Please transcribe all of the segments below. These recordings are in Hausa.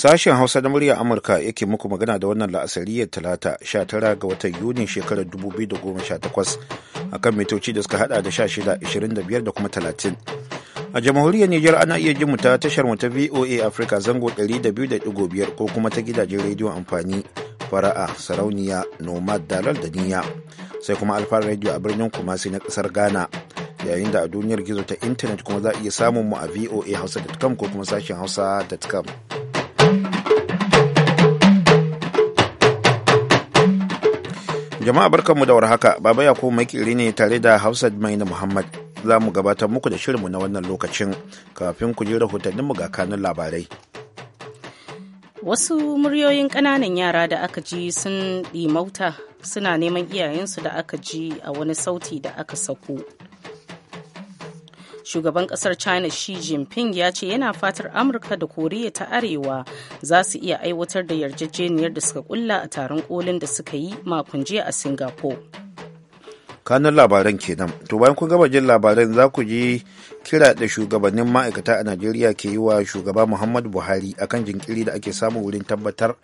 Sashen Hausa na murya Amurka yake muku magana da wannan la'asariyar Talata tara ga watan Yunin shekarar 2018 kan mitoci da suka hada da sha shida 25 da kuma talatin A jamhuriyar Nijar ana iya jin ta tashar mu ta VOA Africa zango da 200.5 ko kuma ta gidajen rediyon amfani fara'a sarauniya nomad dalal da niyya sai kuma alfa rediyo a birnin kumasi na kasar ghana yayin da a duniyar gizo ta intanet kuma za a iya samun mu a voa hausa.com ko kuma sashen hausa.com Jama'a mu da warhaka, Baba Yakubu Makiri ne tare da Hafsat Maina Muhammad. Za mu gabatar muku da shirinmu na wannan lokacin kafin ku ji rahotanninmu ga kanun labarai. Wasu muryoyin ƙananan yara da aka ji sun ɗi mauta suna neman iyayensu da aka ji a wani sauti da aka sako. shugaban kasar china xi jinping ya ce yana fatar amurka da koriya ta arewa za su iya aiwatar da yarjejeniyar da suka kulla a taron kolin da suka yi makon jiya a singapore kanun labaran kenan to bayan kun gaba jin labaran za ku ji kira da shugabannin ma'aikata a najeriya ke yi wa shugaba muhammadu buhari akan jinkiri da ake samu wurin tabbatar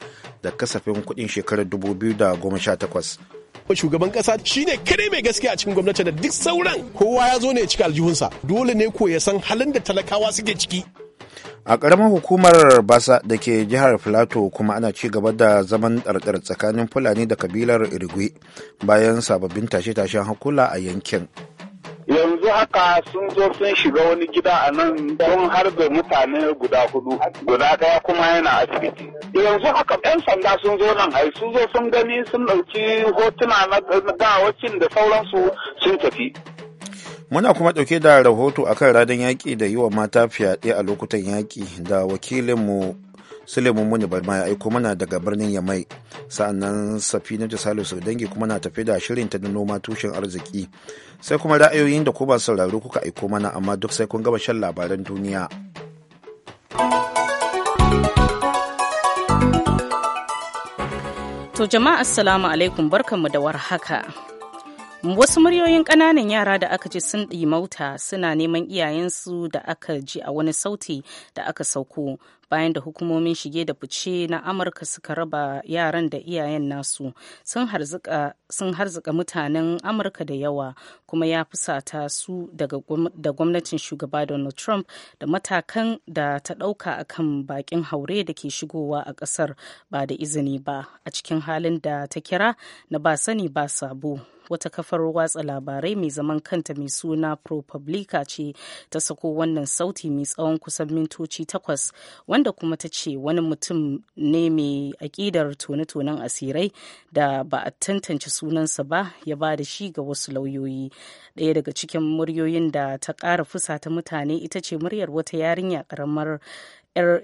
da kasafin kuɗin shekarar 2018 shugaban kasa shine kare mai gaskiya a cikin gwamnati da duk sauran kowa ya zo ne ya cika aljihunsa dole ne ko ya san halin da talakawa suke ciki a ƙaramin hukumar basa da ke jihar filato kuma ana ci gaba da zaman ɗarɗar tsakanin fulani da kabilar irigwe bayan sababbin tashe-tashen hakula a yankin yanzu haka sun zo sun shiga wani gida a nan don harbe mutane guda hudu guda daya kuma yana asibiti yanzu haka yan sanda sun zo nan ai sun zo sun gani sun dauki hotuna na gawacin da sauransu sun tafi Muna kuma ɗauke da rahoto akan radan yaƙi da yi wa mata fyaɗe a lokutan yaƙi da wakilinmu Suleiman Muni Barma ya aiko mana daga birnin Yamai. Sa'annan Safinatu Salisu dangi kuma na tafi da shirin ta noma tushen arziki. Sai kuma ra'ayoyin da ku ba sauraro kuka aiko mana amma duk sai kun gaba shan labaran duniya. To jama'a assalamu alaikum barkanmu da warhaka. Wasu muryoyin ƙananan yara da aka ji sun ɗi mauta suna neman iyayensu da aka ji a wani sauti da aka sauko bayan da hukumomin shige da fice na amurka suka raba yaran da iyayen nasu sun harzika mutanen amurka da yawa kuma ya fusata su da gwamnatin shugaba donald trump da matakan da ta ɗauka kan bakin haure da ke shigowa a kasar ba da izini ba a cikin halin da ta kira na ba sani ba sabo wata kafar watsa labarai mai zaman kanta mai suna ProPublica ce ta sako wannan sauti mai tsawon kusan mintoci takwas wanda kuma ta ce wani mutum ne mai aƙidar tone-tonen asirai da ba a tantance sunansa ba ya ba da shi ga wasu lauyoyi ɗaya daga cikin muryoyin da ta ƙara fusata mutane ita ce muryar wata yarinya ƙaramar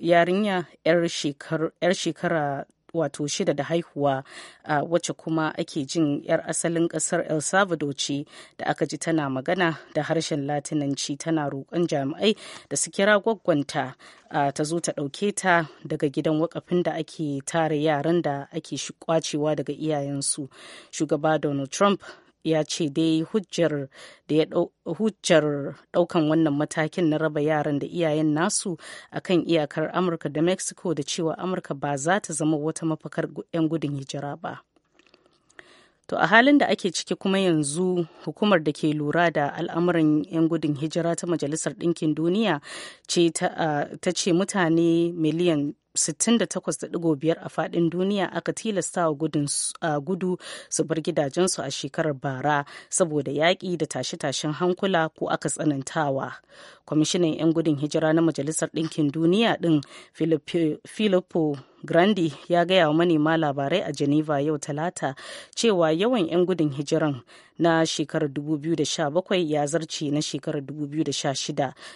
yarinya 'yar shekara wato shida da haihuwa wacce kuma ake jin 'yar asalin kasar el salvador ce da aka ji tana magana da harshen latinanci tana roƙon jami'ai da su kira gwaggwanta ta zo ta ɗauke ta daga gidan wakafin da ake tara yaran da ake kwacewa daga iyayensu shugaba donald trump ya ce dai hujjar da ya hujjar daukan wannan matakin na raba yaran da iyayen nasu a kan iyakar amurka da mexico da cewa amurka ba za ta zama wata mafakar 'yan gudun hijira ba To a halin da ake ciki kuma yanzu hukumar da ke lura da al'amuran 'yan gudun hijira ta Majalisar Ɗinkin Duniya ce ta ce mutane miliyan 68.5 a faɗin duniya aka tilasta wa gudu su bar gidajensu a shekarar bara saboda yaƙi da tashe-tashen hankula ko aka tsanantawa. Kwamishinan 'yan gudun hijira na Majalisar Ɗinkin Duniya ɗin Filippo grandi ya gaya wa manema labarai a geneva yau talata cewa yawan 'yan gudun hijiran na shekarar 2017 ya zarce na shekarar 2016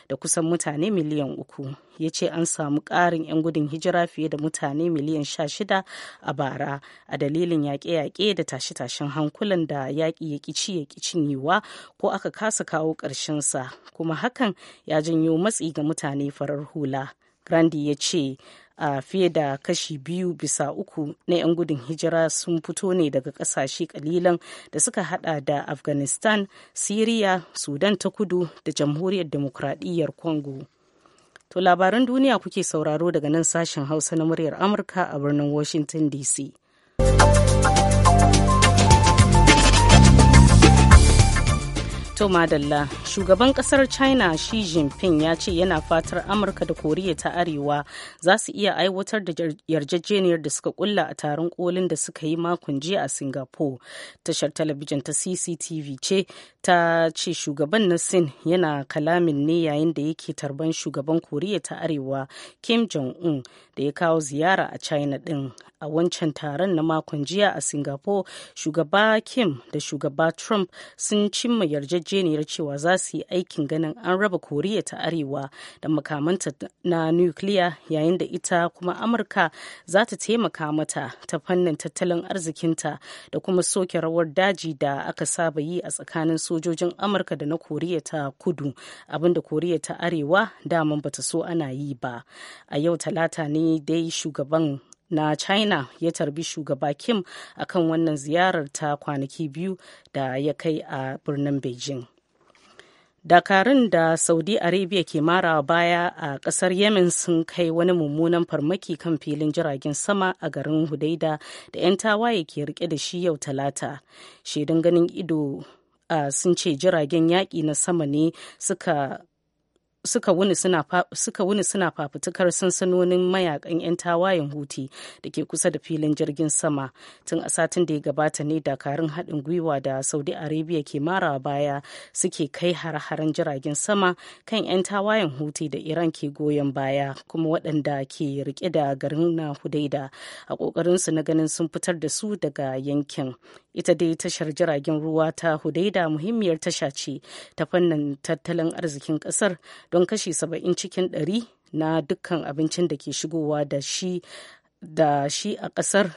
da kusan mutane miliyan uku ya ce an samu ƙarin 'yan gudun hijira fiye da mutane miliyan 16 a bara a dalilin yaƙe-yaƙe da tashe-tashen hankulan da yaƙi ya ƙici ya cinyewa ko aka kasa kawo ƙarshensa kuma hakan ya janyo matsi ga mutane farar hula grandi ya ce a fiye da kashi biyu bisa uku na 'yan gudun hijira sun fito ne daga kasashe kalilan da suka hada da afghanistan syria sudan ta kudu da jamhuriyar demokradiyyar congo to labaran duniya kuke sauraro daga nan sashen hausa na muryar amurka a birnin washington dc To Madalla, shugaban kasar China Xi Jinping ya ce yana fatar Amurka da Koriya ta Arewa za su iya aiwatar da yarjejeniyar da suka kulla a taron kolin da suka yi makon jiya a Singapore. Tashar talabijin ta CCTV ce ta ce shugaban na Sin yana kalamin ne yayin da yake tarban shugaban Koriya ta Arewa Kim Jong-un da ya kawo ziyara a china din a wancan taron na makon jiya a singapore shugaba kim da shugaba trump sun cimma yarjejeniyar cewa za su yi aikin ganin an raba koriya ta arewa da makamanta na nukiliya yayin da ita kuma amurka za ta taimaka mata ta fannin tattalin arzikinta da kuma soke rawar daji da aka saba yi a tsakanin sojojin amurka da na koriya ta kudu abinda koriya ta arewa daman bata so ana yi ba a yau talata ne dai shugaban na china ya tarbi shugaba kim akan wannan ziyarar ta kwanaki biyu da ya kai a birnin beijing dakarun da saudi arabia ke mara baya a kasar yemen sun kai wani mummunan farmaki kan filin jiragen sama a garin hudaida da 'yan tawaye ke rike da shi yau talata shaidun ganin ido a ah, sun ce jiragen yaƙi na sama ne suka suka wuni suna fafutukar sansanonin mayakan 'yan tawayen huti da ke kusa da filin jirgin sama tun a satin da ya gabata ne dakarun haɗin gwiwa da saudi arabia ke mara baya suke kai har-haren jiragen sama kan 'yan tawayen huti da iran ke goyon baya kuma waɗanda ke rike da garin na hudaida a ƙoƙarinsu na ganin sun fitar da su daga yankin ita dai tashar jiragen ruwa ta hudaida muhimmiyar tasha ce ta fannin tattalin arzikin ƙasar don kashi saba'in cikin ɗari na dukkan abincin da ke shigowa da shi da shi a ƙasar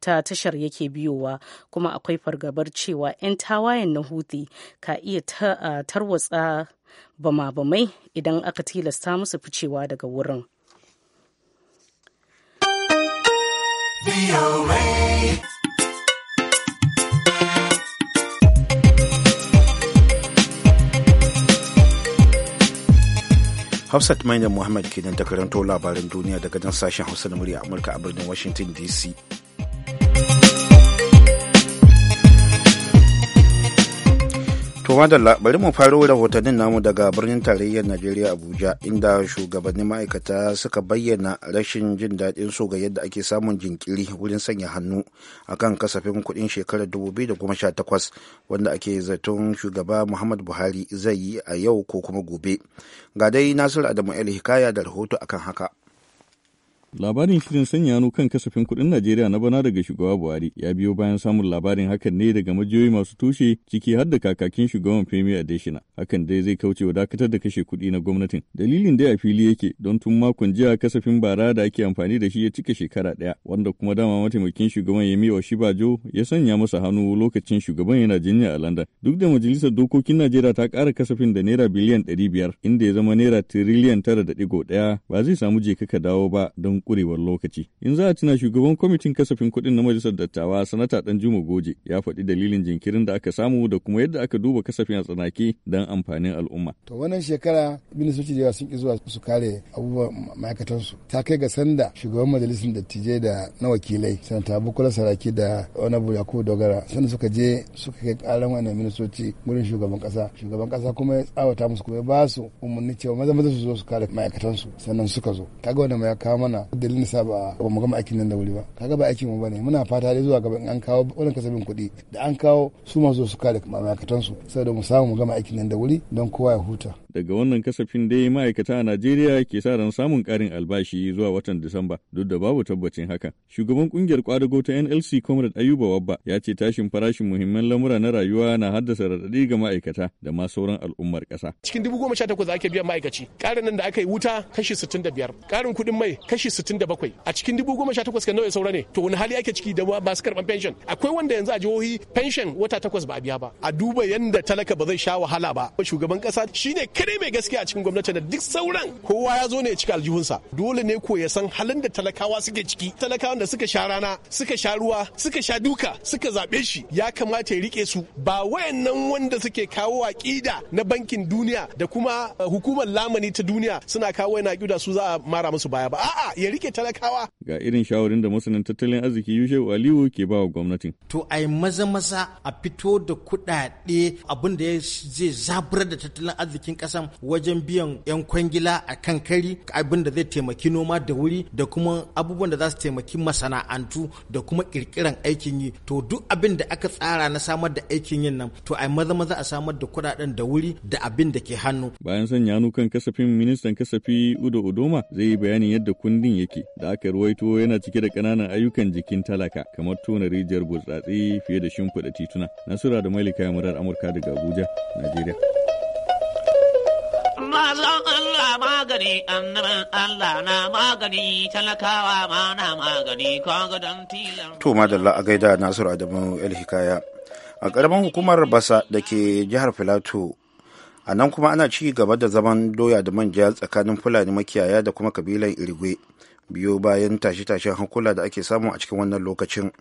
ta tashar yake biyowa kuma akwai fargabar cewa 'yan tawayen na huti ka iya tarwatsa bama-bamai idan aka tilasta musu ficewa daga wurin. Hafsat Maina Muhammad kenan ta karanto labaran duniya daga nan sashen Hausa na murya Amurka a birnin Washington DC. kuma madalla bari mu faro rahotannin namu daga birnin tarayyar Najeriya Abuja inda shugabannin ma'aikata suka bayyana rashin jin daɗin su ga yadda ake samun jinkiri wurin sanya hannu akan kasafin kuɗin shekarar 2018 wanda ake zaton shugaba Muhammad Buhari zai yi a yau ko kuma gobe. Ga dai Nasiru Adamu El Hikaya da rahoto akan haka. Labarin shirin sanya hannu kan kasafin kuɗin Najeriya na bana daga shugaba Buhari ya biyo bayan samun labarin hakan ne daga majiyoyi masu tushe ciki har da kakakin shugaban Femi Adesina. Hakan dai zai kauce wa dakatar da kashe kuɗi na gwamnatin. Dalilin dai a fili yake don tun makon jiya kasafin bara da ake amfani da shi ya cika shekara ɗaya wanda kuma dama mataimakin shugaban Yemi Oshibajo ya sanya masa hannu lokacin shugaban yana jinya a London. Duk da majalisar dokokin Najeriya ta kara kasafin da naira biliyan ɗari biyar inda ya zama naira tiriliyan tara da ɗigo ɗaya ba zai samu je ka dawo ba don kurewar lokaci. In za a tuna shugaban kwamitin kasafin kuɗin na majalisar dattawa sanata juma Goje ya faɗi dalilin jinkirin da aka samu da kuma yadda aka duba kasafin a tsanake don amfanin al'umma. To wannan shekara ministoci da yawa sun ki zuwa su kare abubuwan ma'aikatansu. Ta kai ga sanda shugaban majalisar dattijai da na wakilai sanata Bukola Saraki da Onabu Yakubu Dogara sanda suka je suka kai ƙaran wannan ministoci gurin shugaban kasa Shugaban kasa kuma ya tsawata musu kuma ya ba su umarni cewa maza maza su zo su kare su sannan suka zo. Kaga wannan ya kawo mana dalilin da sa ba mu gama aikin nan da wuri ba kaga ba aikin mu bane muna fata dai zuwa gaba in an kawo wannan kasabin kuɗi da an kawo su ma zo su kare ma'aikatan su saboda mu samu mu gama aikin nan da wuri don kowa ya huta Daga wannan kasafin dai ma'aikata a Najeriya ke sa ran samun ƙarin albashi zuwa watan Disamba duk da babu tabbacin hakan. Shugaban kungiyar kwadago ta NLC Comrade Ayuba Wabba ya ce tashin farashin muhimman lamura na rayuwa na haddasa raɗaɗi ga ma'aikata da ma sauran al'ummar ƙasa. Cikin dubu goma sha takwas ake biyan ma'aikaci. Ƙarin nan da aka yi wuta kashi sittin da biyar. Ƙarin kuɗin mai kashi sittin da bakwai. A cikin dubu goma sha takwas kan nawa saura ne. To wani hali ake ciki da su karɓan pension. Akwai wanda yanzu a jihohi pension wata takwas ba a biya ba. A duba yanda talaka ba zai sha wahala ba. Shugaban ƙasa shine kai kadai mai gaskiya a cikin gwamnati da duk sauran kowa ya zo ne ya cika aljihunsa dole ne ko ya san halin da talakawa suke ciki talakawan da suka sha rana suka sha ruwa suka sha duka suka zaɓe shi ya kamata ya rike su ba wayannan wanda suke kawo ƙida na bankin duniya da kuma eh, hukumar lamani ta duniya suna kawo yana aƙida su za a mara musu baya ba a'a ya rike talakawa ga irin shawarin da masanin tattalin arziki Yusuf Aliyu ke ba wa gwamnatin to ai maza maza a fito da kuɗaɗe abin da zai zaburar da tattalin arzikin ƙasa kasan wajen biyan 'yan kwangila a kan kari abin da zai taimaki noma da wuri da kuma abubuwan da za su taimaki masana'antu da kuma kirkiran aikin yi to duk abin da aka tsara na samar da aikin yin nan to a maza maza a samar da kuɗaɗen da wuri da abin da ke hannu bayan sanya kan kasafin ministan kasafi udo odoma zai yi bayanin yadda kundin yake da aka ruwaito yana cike da ƙananan ayyukan jikin talaka kamar tona rijiyar burtsatse fiye da shimfiɗa tituna nasura da mailika murar amurka daga abuja najeriya mazan Allah magani annaban Allah na magani talakawa ma na magani kaga don tilan. To madalla a gaida Nasiru Adamu El Hikaya. A ƙaramin hukumar Basa da ke jihar Filato a nan kuma ana ci gaba da zaman doya da manja tsakanin Fulani makiyaya da kuma kabilan Irigwe. biyo bayan tashe-tashen hankula da ake samu a cikin wannan lokacin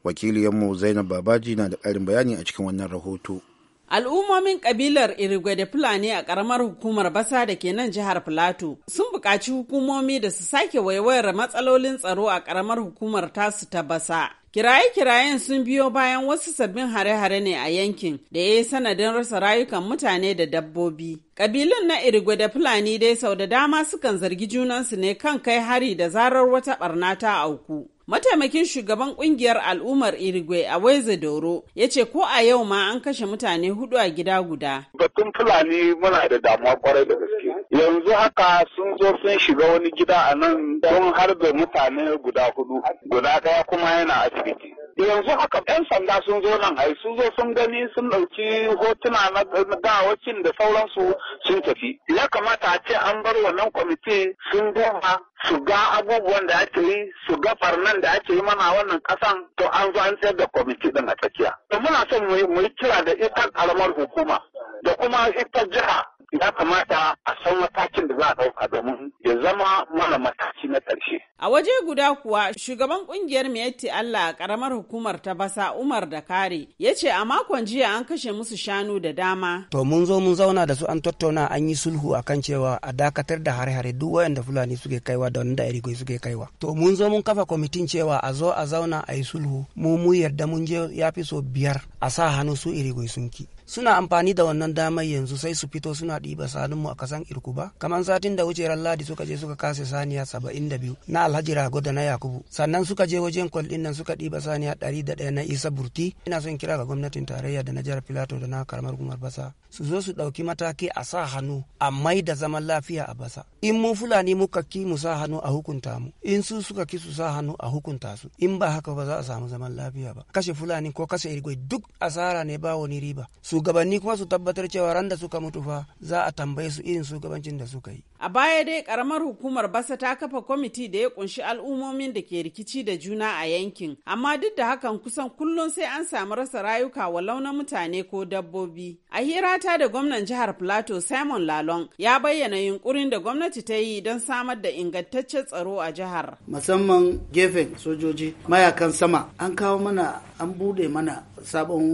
wakiliyanmu zainab babaji na da ƙarin bayani a cikin wannan rahoto Al'ummomin kabilar Irigwe da Fulani a ƙaramar hukumar basa da ke nan jihar Filato sun buƙaci hukumomi da su sake waiwayar matsalolin tsaro a ƙaramar hukumar tasu ta basa. Kiraye-kirayen sun biyo bayan wasu sabbin hare-hare ne a yankin da ya yi sanadin rasa rayukan mutane da dabbobi. Kabilun na Irigwe da Fulani dai sau da dama sukan zargi junansu ne kan kai hari da zarar wata ɓarna ta auku. Mataimakin shugaban kungiyar al'ummar Irigwe a Waize Doro ya ce ko a yau ma an kashe mutane hudu a gida guda. Batun Fulani muna da damuwa kwarai da gaske. Yanzu haka sun zo sun shiga wani gida a nan don harbe mutane guda hudu, guda daya kuma yana asibiti. yanzu haka 'yan sanda sun zo nan ai sun zo sun gani sun ɗauki hotuna na gawacin da sauransu sun tafi ya kamata a ce an bar wannan kwamiti sun goma su ga abubuwan da ake yi su ga farnan da ake yi mana wannan kasan to an zo an tsayar da kwamiti din a tsakiya to muna son mu yi kira da ita karamar hukuma da kuma ita jiha ya kamata a san matakin da za a ɗauka domin ya zama mana mataki na ƙarshe. A waje guda kuwa shugaban kungiyar Miyatti Allah a karamar hukumar ta basa Umar da Kare ya ce a makon jiya an kashe musu shanu da dama. To mun zo mun zauna da su an tattauna an yi sulhu a kan cewa a dakatar da hare-hare duk wayanda Fulani suke kaiwa da wanda Irigoi suke kaiwa. To mun zo mun kafa kwamitin cewa a zo a zauna a yi sulhu mu mu yarda mun je ya fi so biyar a sa hannu su Irigoi sun ki. suna amfani da wannan damar yanzu sai su fito suna ɗiba sanunmu a kasan irkuba kamar satin da wuce ran ladi suka je suka kase saniya saba'in da biyu na alhaji rago da na yakubu sannan suka je wajen kwal din nan suka ɗiba saniya ɗari da ɗaya na isa burti ina son kira ga gwamnatin tarayya da na jihar filato da na karamar gumar basa su zo su ɗauki mataki a sa hannu a mai da zaman lafiya a basa in mu fulani muka ki mu sa hannu a hukunta mu in su suka ki su sa hannu a hukunta su in ba haka ba za a samu zaman lafiya ba kashe fulani ko kashe irgoi duk asara ne ba wani riba shugabanni kuma su tabbatar cewa ran da suka mutu fa za a tambaye su irin shugabancin da suka yi a baya dai karamar hukumar basa ta kafa kwamiti da ya kunshi al'ummomin da ke rikici da juna a yankin amma duk da hakan kusan kullum sai an samu rasa rayuka wa na mutane ko dabbobi a hirata da gwamnan jihar plateau simon lalong ya bayyana yunkurin da gwamnati ta yi don samar da ingantaccen tsaro a jihar musamman gefen sojoji mayakan sama an kawo mana an bude mana sabon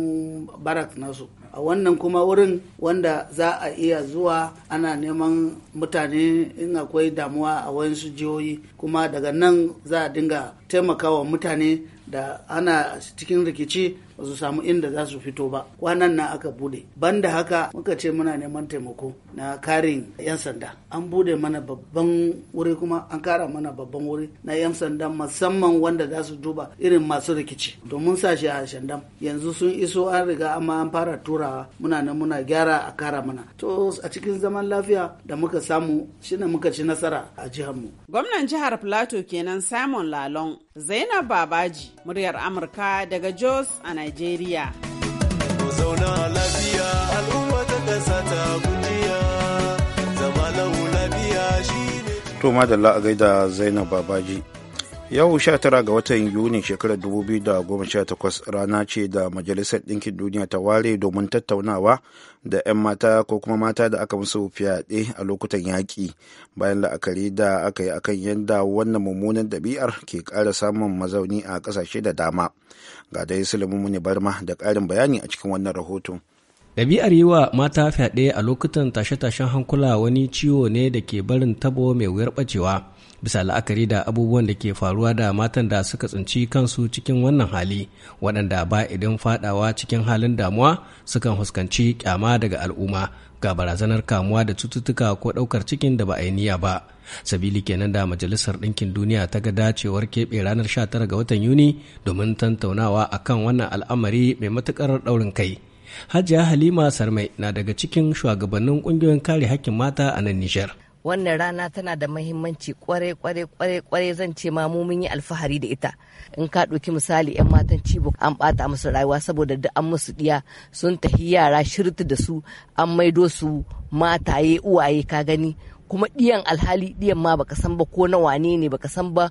barak nasu a wannan kuma wurin wanda za a iya zuwa ana neman mutane in akwai damuwa a wayansu jihohi kuma daga nan za a dinga taimakawa mutane da ana cikin rikici ba su samu inda za su fito ba kwanan nan aka bude banda haka muka ce muna neman taimako na karin 'yan sanda an bude mana babban wuri kuma an kara mana babban wuri na 'yan sanda musamman wanda za su duba irin masu rikici domin sa shi a shandam yanzu sun iso an riga amma an fara turawa muna nan muna gyara a kara mana to a cikin zaman lafiya da muka samu shine muka ci nasara a jihar mu gwamnan jihar plateau kenan simon lalong Zainab Babaji, muryar Amurka daga Jos a Nigeria. zauna da al'umma gaida Zainab Babaji. yau 19 ga watan yuni shekarar 2018 rana ce da majalisar ɗinkin duniya ta ware domin tattaunawa da 'yan mata ko kuma mata da aka musu fyaɗe a lokutan yaƙi bayan la'akari da aka yi akan yadda wannan mummunan ɗabi'ar ke ƙara samun mazauni a ƙasashe da dama ga dai muni barma da ƙarin bayani a cikin wannan rahoton ɗabi'ar yi wa mata fyaɗe a lokutan tashe-tashen hankula wani ciwo ne da ke barin tabo mai wuyar ɓacewa bisa la'akari da abubuwan da ke faruwa da matan da suka tsinci kansu cikin wannan hali waɗanda ba idan fadawa cikin halin damuwa sukan fuskanci kyama daga al'umma ga barazanar kamuwa da cututtuka ko ɗaukar cikin da ba a yi niyya ba sabili kenan da majalisar ɗinkin duniya ta ga dacewar keɓe ranar 19 ga watan yuni domin tantaunawa akan wannan al'amari mai matuƙar ɗaurin kai hajiya halima sarmai na daga cikin shugabannin ƙungiyoyin kare hakkin mata a nan nijar wannan rana tana da mahimmanci kwarai kwarai kwarai kwarai zan ce ma mu mun yi alfahari da ita in ka ɗauki misali yan matan cibo an ɓata musu rayuwa saboda da an musu ɗiya sun tafi yara shirtu da su an maido su mataye uwaye ka gani kuma ɗiyan alhali ɗiyan ma baka san ba ko na wane ne baka san ba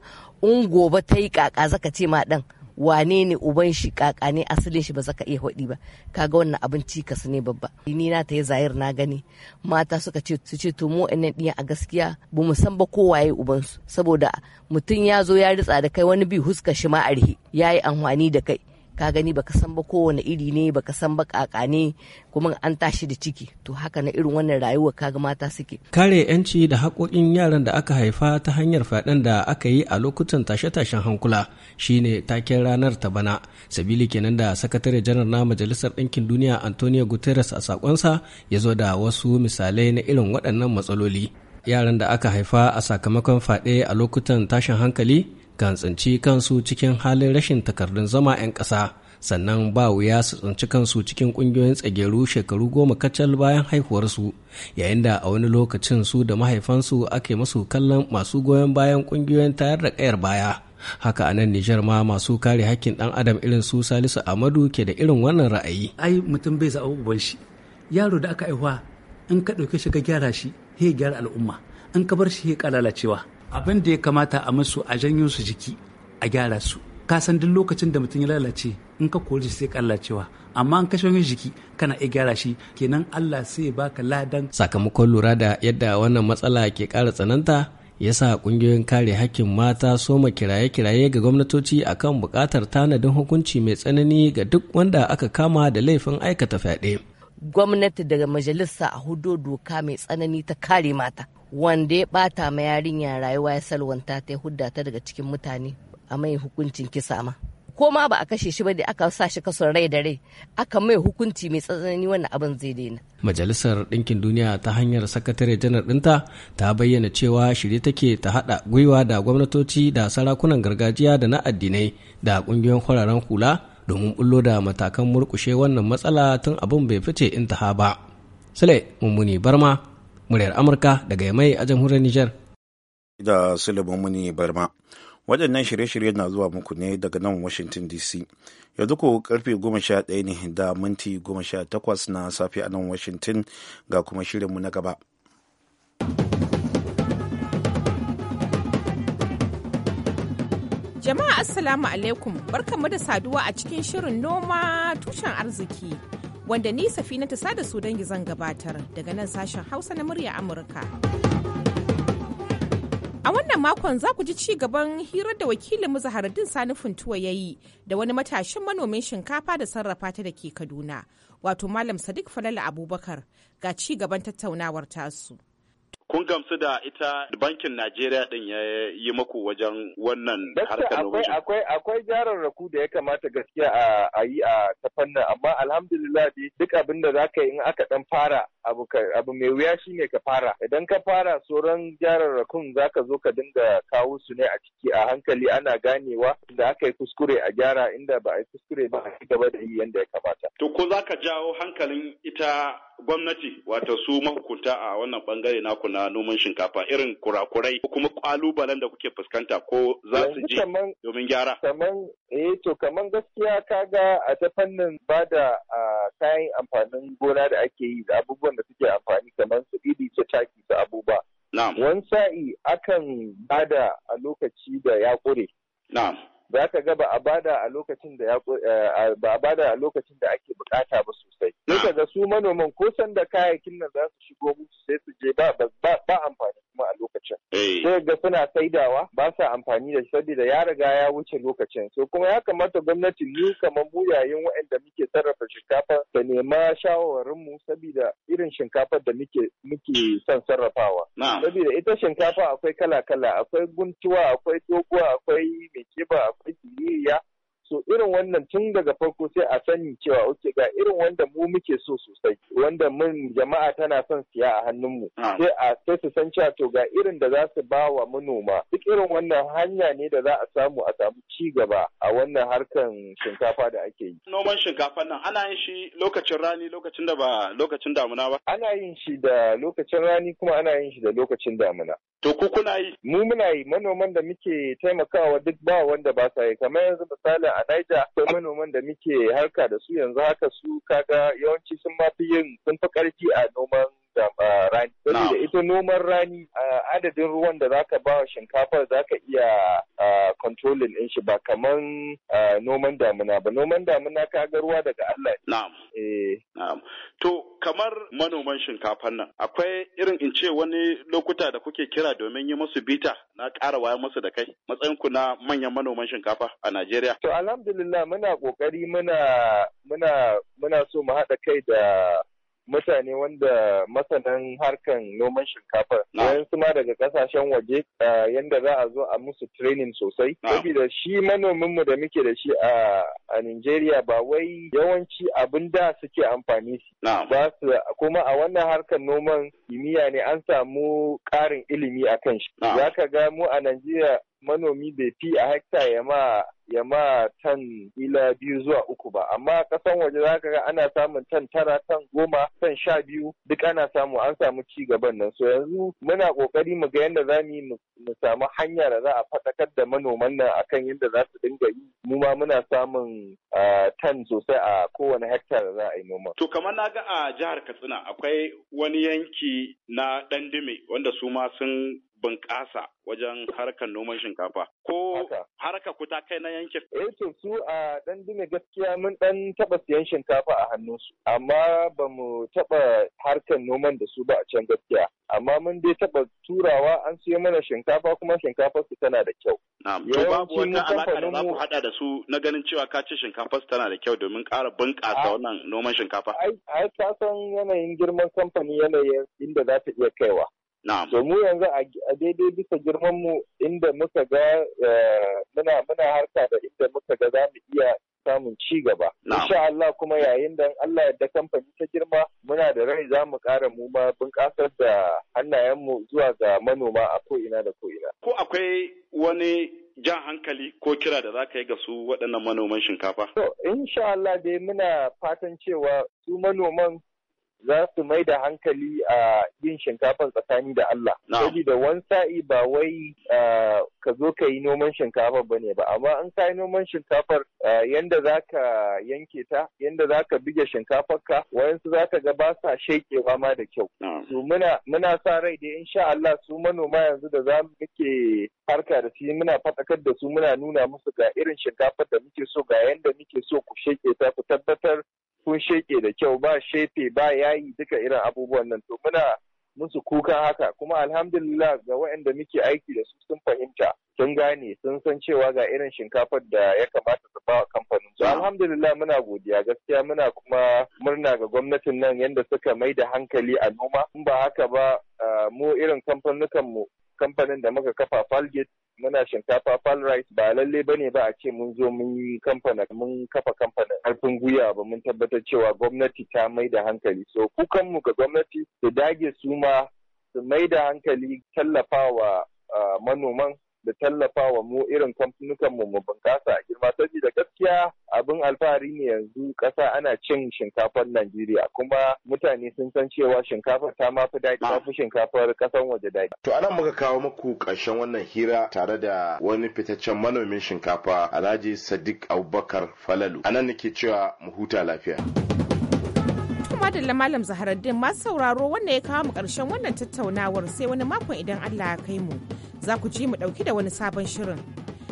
in gobe ta yi kaka zaka ce ma ɗan wane ne uban shi kaka ne asalin shi ba ka iya faɗi ba kaga wannan abinci kasu ne babba ni na ta yi zahir na gani mata suka ce su ce to mu ɗan ɗiya a gaskiya ba mu san ba ko waye uban saboda mutum ya zo ya ritsa da kai wani bi huska shi ma a rihi ya yi amfani da kai ka gani baka san ba kowane iri ne baka san ba kaka ne kuma an tashi da ciki to haka na irin wannan rayuwar kaga mata suke kare yanci da haƙoƙin yaran da aka haifa ta hanyar fyaɗen da aka yi a lokutan tashe-tashen hankula shine taken ranar ta bana sabili kenan da sakatare janar na majalisar ɗinkin duniya antonio guterres a sakonsa ya zo da wasu misalai na irin waɗannan matsaloli yaran da aka haifa a sakamakon fyaɗe a lokutan tashin hankali kan tsinci kansu cikin halin rashin takardun zama 'yan ƙasa sannan ba wuya su tsinci kansu cikin ƙungiyoyin tsageru shekaru goma kacal bayan haihuwarsu yayin da a wani lokacin su da mahaifansu ake masu kallon masu goyon bayan ƙungiyoyin tayar da ƙayar baya haka a nan Nijar ma masu kare hakkin ɗan adam irin su Salisu Amadu ke da irin wannan ra'ayi. Ai mutum bai zaɓa uban shi. Yaro da aka aihuwa in ka ɗauke shi ka gyara shi he gyara al'umma in ka bar shi he lalacewa abin da ya kamata a masu a janyo su jiki a gyara su kasan duk lokacin da mutum ya lalace in ka kori sai kallacewa amma an kashe wani jiki kana iya gyara shi kenan Allah sai ya baka ladan sakamakon lura da yadda wannan matsala ke kara tsananta yasa kungiyoyin kare hakkin mata soma kiraye-kiraye ga gwamnatoci akan bukatar tanadin hukunci mai tsanani ga duk wanda aka kama da laifin aikata fyaɗe. Gwamnati daga majalisa a hudo doka mai tsanani ta kare mata wanda ya bata ma yarinya rayuwa ya salwanta ta hudda ta daga cikin mutane a mai hukuncin kisa ma ko ma ba a kashe shi ba da aka sa shi kaso rai da rai aka mai hukunci mai tsanani wannan abin zai daina majalisar ɗinkin duniya ta hanyar sakatare janar ɗinta ta bayyana cewa shirye take ta haɗa gwiwa da gwamnatoci da sarakunan gargajiya da na addinai da ƙungiyoyin kwararan hula domin bullo da matakan murkushe wannan matsala tun abin bai fice intaha ba sule mummuni barma muryar amurka daga yamai a jamhuriyar nijar. da sulaiman muni barma waɗannan shirye-shirye na zuwa muku ne daga nan washington dc yanzu ko karfe 11 ne da minti goma sha 18 na safe a nan washington ga kuma shirinmu na gaba jama'a assalamu alaikum barkanmu da saduwa a cikin shirin noma tushen arziki wanda ni safina ta sada su dangi zan gabatar daga nan sashen hausa na murya amurka a wannan makon za ku ji ci gaban hirar da wakilin wakilinmu zaharaddin sani funtuwa ya yi da wani matashin manomin shinkafa da sarrafa ta da ke kaduna wato malam sadiq falala abubakar ga ci gaban tattaunawar tasu kun gamsu da ita bankin Najeriya din ya yi maku wajen wannan harkar akwai akwai akwai jararraku da ya kamata gaskiya a yi a ta fannin amma alhamdulillah duk abin da zaka yi in aka dan fara abu abu mai wuya shi ne ka fara idan ka fara sauran gyararrakun ka zo ka dinga kawo su ne a ciki a hankali ana ganewa da aka yi kuskure a gyara inda ba a yi kuskure ba a gaba da yi yanda ya kamata to ko za ka jawo hankalin ita gwamnati wato su mahukunta a wannan bangare naku na noman shinkafa irin kurakurai ko kuma kalubalen da kuke fuskanta ko za su ji domin gyara Eh to kaman gaskiya kaga a ta fannin ba da kayan amfanin gona da ake yi da abubuwan da suke amfani kamar su iri su taki su abubuwa. Wani sa'i akan bada a lokaci da ya ƙure. Za ka ga ba a bada a lokacin da eh, ba a bada a lokacin da ake bukata ba sosai. Sai ka ga su manoman ko sanda kayayyakin nan za su shigo musu sai su je ba ba amfani. ga suna saidawa ba sa amfani da shi saboda ya riga ya wuce lokacin so kuma ya kamata gwamnati ni kamar buyayen waɗanda muke sarrafa shinkafa ta nema shawarwarin mu saboda irin shinkafar da muke muke son sarrafawa saboda ita shinkafa akwai kala kala akwai guntuwa akwai doguwa akwai mai kiba akwai siririya so irin wannan tun daga farko sai a sani cewa oke ga irin wanda mu muke so sosai wanda mun jama'a tana son siya a hannunmu ah. sai a sai su san cewa to ga irin da za su ba wa manoma duk irin wannan hanya ne da za a samu a samu ci gaba a wannan harkan shinkafa da ake yi noman shinkafa nan ana yin shi lokacin rani lokacin da ba lokacin damuna ba ana yin shi da lokacin rani kuma ana yin shi da lokacin damuna To ku kuna yi? Mu muna yi manoman da muke taimakawa duk ba wanda ba sa yi kamar yanzu misali a Niger akwai manoman da muke harka da su yanzu haka su kaga yawanci sun ma fi yin sun fi karfi a noman rani. Saboda so noman rani adadin ruwan da zaka ba wa shinkafar zaka iya controlling din shi ba kamar noman damuna ba noman damuna ka ga ruwa daga Allah na'am eh. na'am to kamar manoman shinkafar nan akwai irin in ce wani lokuta da kuke kira domin yi musu bita na ƙara waya musu da kai matsayin ku na manyan manoman shinkafa a Najeriya to alhamdulillah muna kokari muna muna muna so mu haɗa kai da mutane wanda masanan harkan noman shinkafa wayansu ma daga kasashen waje yanda za a zo a musu training sosai saboda shi manomin mu da muke da shi a a Nigeria ba wai yawanci abin da suke amfani shi ba su kuma a wannan harkan noman kimiyya ne an samu ƙarin ilimi akan shi zaka ga mu a Najeriya manomi bai fi a hekta ya ma ya ma tan ila biyu zuwa uku ba amma kasan waje za ka ga ana samun tan tara tan goma tan sha biyu duk ana samu an samu ci gaban nan so yanzu muna kokari mu ga yadda za mu yi mu samu hanya da za a faɗakar da manoman nan akan yadda za su dinga yi mu ma muna samun tan sosai a kowane hekta da za a yi noma. to kamar na ga a jihar katsina akwai wani yanki na ɗandime wanda su ma sun bunƙasa wajen harkar noman shinkafa ko harka ku ta kai na yankin eh to su a dan dume gaskiya mun dan taba siyan shinkafa a hannunsu amma ba mu taba harkar noman da su ba a can gaskiya amma mun dai taba turawa an siyo mana shinkafa kuma shinkafa su tana da kyau to babu wata alaka da za ku hada da su na ganin cewa ka ce shinkafa su tana da kyau domin ƙara bunƙasa ah. wannan noman shinkafa ai ka san yanayin girman kamfani yanayin inda za ta iya kaiwa To mu yanzu a daidai bisa girman mu inda muka ga eh, muna muna harka da inda muka ga za mu iya samun ci gaba. Insha Allah kuma yayin da Allah ya da kamfani ta girma muna da rai za mu ƙara mu ma bunƙasar da hannayenmu zuwa ga manoma a ko'ina da ko'ina. Ko akwai wani jan hankali ko kira da za ka yi ga su waɗannan manoman shinkafa? To, insha Allah dai muna fatan cewa su manoman za su mai da hankali a yin shinkafar tsakani da Allah. Saboda wani sa'i ba wai ka zo ka yi noman shinkafa ba ne ba, amma an ka yi noman shinkafar yanda za ka yanke ta, yanda za ka bige wayan wayansu za ka ga ba sa shekewa ma da kyau. To muna sa rai da insha Allah su manoma yanzu da za mu muke harka da su muna faɗakar da su muna nuna musu ga irin shinkafar da muke so ga yanda muke so ku sheke ta ku tabbatar sun sheke da kyau ba shefe ba yayi duka irin abubuwan nan to muna musu kuka haka kuma alhamdulillah ga waɗanda muke aiki da su sun fahimta sun gane sun san cewa ga irin shinkafar da ya kamata su ba kamfanin su alhamdulillah muna godiya gaskiya muna kuma murna ga gwamnatin nan yadda suka mai da hankali a noma in ba haka ba ah, mu irin kamfanukan mu kamfanin da muka kafa Falgate muna shinkafa fall ba lalle ba ne ba a ce mun zo mun yi kamfana mun kafa kamfanin harfin gwiwa ba mun tabbatar cewa gwamnati ta mai da hankali so kukanmu ga gwamnati su dage su ma su mai da hankali tallafawa ah, manoman da tallafawa mu irin kamfanukan mu bunƙasa a girma Da gaskiya abin alfahari ne yanzu ƙasa ana cin shinkafar Najeriya kuma mutane sun san cewa shinkafar ta mafi daɗi ta fi shinkafar ƙasan waje daɗi. To anan muka kawo muku ƙarshen wannan hira tare da wani fitaccen manomin shinkafa Alhaji Sadiq Abubakar Falalu. Anan nake cewa mu huta lafiya. madalla malam zaharaddin masu sauraro wanda ya kawo mu ƙarshen wannan tattaunawar sai wani makon idan allah ya kai mu za ku ji mu ɗauki da wani sabon shirin.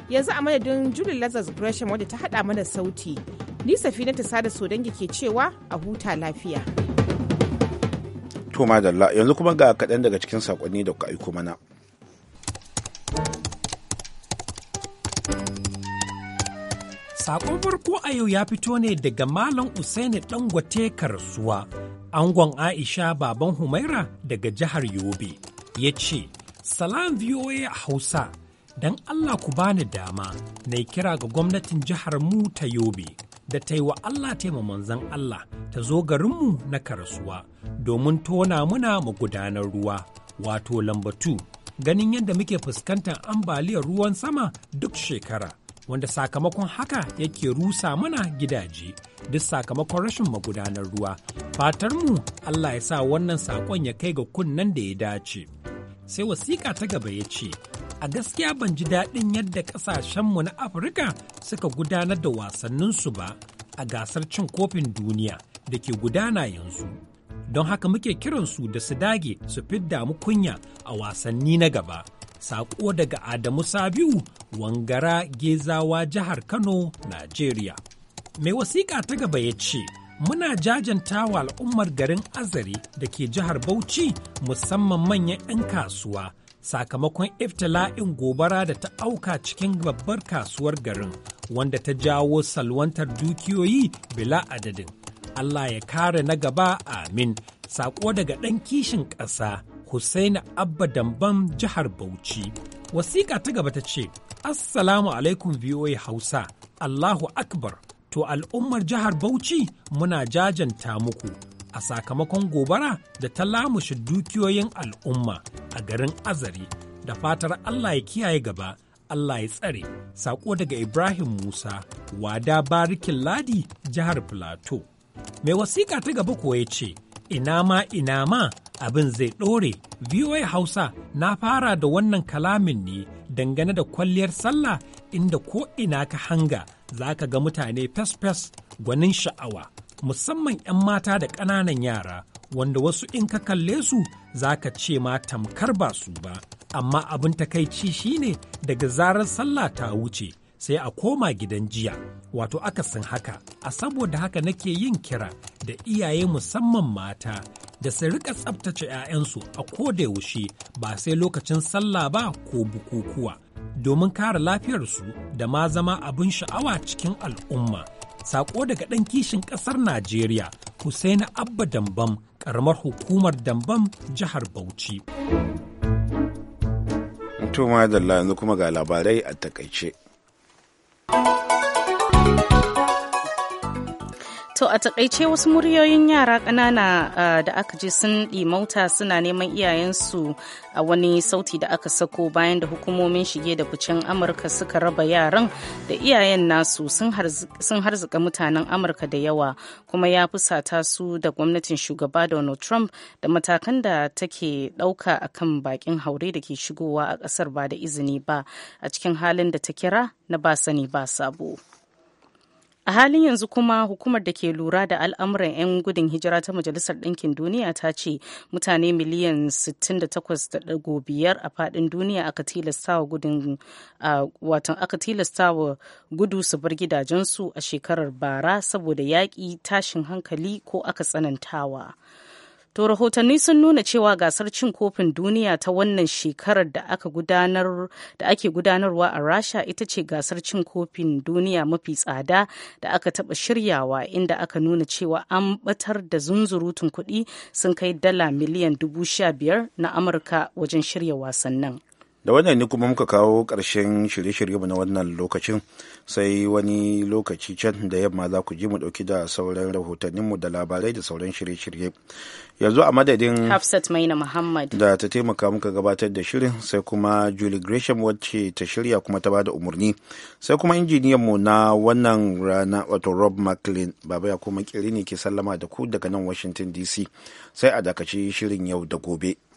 Yanzu a madadin Julie Lazarus Gresham wadda ta haɗa mana sauti, ni safina ta sada sodangi ke cewa a huta lafiya. yanzu kuma ga kaɗan daga cikin saƙonni da kuka aiko mana. Sakon farko a yau ya fito ne daga Malam Usaini ɗangote Karsuwa, angon Aisha Baban Humaira daga jihar Yobe, ya ce, Salam VOA Hausa, don Allah ku bani dama na kira ga gwamnatin jihar mu ta Yobe da ta yi wa Allah taima manzan Allah ta zo garinmu na karasuwa domin tona muna magudanar ruwa wato lambatu ganin yadda muke fuskantar ambaliyar ruwan sama duk shekara. wanda sakamakon haka yake rusa mana gidaje duk sakamakon rashin magudanar ruwa fatarmu Allah ya sa wannan saƙon ya kai ga kunnen da ya dace. sai wasiƙa ta gaba ya ce, A gaskiya ban ji daɗin yadda ƙasashenmu na Afirka suka gudanar da wasanninsu ba a gasar cin kofin duniya da ke gudana yanzu. Don haka muke kiransu da su dage su fidda mu kunya a wasanni na gaba. Saƙo daga Adamu Sabiu, Wangara Gezawa, Jihar Kano, Najeriya. Mai wasiƙa ta gaba ya ce, muna jajanta wa al'ummar garin Azari da ke jihar bauchi musamman manyan 'yan kasuwa sakamakon iftila'in gobara da ta auka cikin babbar kasuwar garin wanda ta jawo salwantar dukiyoyi bila adadin allah ya kare na gaba amin sako daga ɗan kishin ƙasa Husaini Abba Damban jihar Bauchi. Wasiƙa ta gaba ta ce, Assalamu alaikum VOA Hausa, Allahu Akbar. To al'ummar jihar Bauchi muna jajanta muku a sakamakon gobara da ta lamushi dukiyoyin al'umma a garin Azari. da fatar Allah ya kiyaye gaba, Allah ya tsare. saƙo daga Ibrahim Musa, wada barikin ladi jihar Filato. Mai wasiƙa ta gaba kuwa ya ce, ina ma ina ma abin zai ɗore. VOA Hausa na fara da wannan kalamin ne dangane da kwalliyar sallah inda ko ina ka hanga. za ka ga mutane fes-fes gwanin sha'awa musamman 'yan mata da ƙananan yara wanda wasu in ka kalle su za ka ce ma tamkar ba su ba amma abin takaici shine daga zarar sallah ta wuce sai a koma gidan jiya wato aka akasin haka a saboda haka nake yin kira da iyaye musamman mata da su rika tsabtace 'ya'yansu a ko da yaushe ba sai lokacin sallah ba ko bukukuwa. domin kare lafiyarsu da ma zama abin sha'awa cikin al'umma. Sako daga ɗan kishin ƙasar Najeriya, Hussaini Abba Dambam, ƙaramar hukumar Dambam, jihar Bauchi. Tuma da yanzu kuma ga labarai a takaice. To a takaice wasu muryoyin yara ƙanana da aka ji sun mauta suna neman iyayensu a wani sauti da aka sako bayan da hukumomin shige da ficen Amurka suka raba yaran da iyayen nasu sun harzika mutanen Amurka da yawa kuma ya fusata su da gwamnatin shugaba Donald Trump da matakan da take ɗauka a kan bakin haure da ke shigowa a ƙasar ba da izini ba a cikin halin da ta kira na ba sani ba sabo. a halin yanzu kuma hukumar da ke lura da al'amuran 'yan gudun hijira ta majalisar ɗinkin duniya ta ce mutane miliyan 68.5 a faɗin duniya aka tilasta wa aka tilasta wa gudu su bar gidajensu a shekarar bara saboda yaƙi tashin hankali ko aka tsanantawa To rahotanni sun nuna cewa gasar cin kofin duniya ta wannan shekarar da aka gudanar da ake gudanarwa a Rasha ita ce gasar cin kofin duniya mafi tsada da aka taba shiryawa inda aka nuna cewa an batar da zunzurutun kuɗi sun kai dala miliyan dubu sha biyar na Amurka wajen shirya wasannin. da wannan ne kuma muka kawo ƙarshen shirye-shiryenmu na wannan lokacin sai wani lokaci can da yamma za ku ji mu ɗauki da sauran rahotanninmu da labarai da sauran shirye-shirye yanzu a madadin hafsat maina muhammad da ta taimaka muka gabatar da shirin sai kuma julie gresham wacce ta shirya kuma ta bada umarni sai kuma injiniyan mu na wannan rana wato rob mclean baba ya kuma kirini ke sallama da ku daga nan washington dc sai a dakaci shirin yau da gobe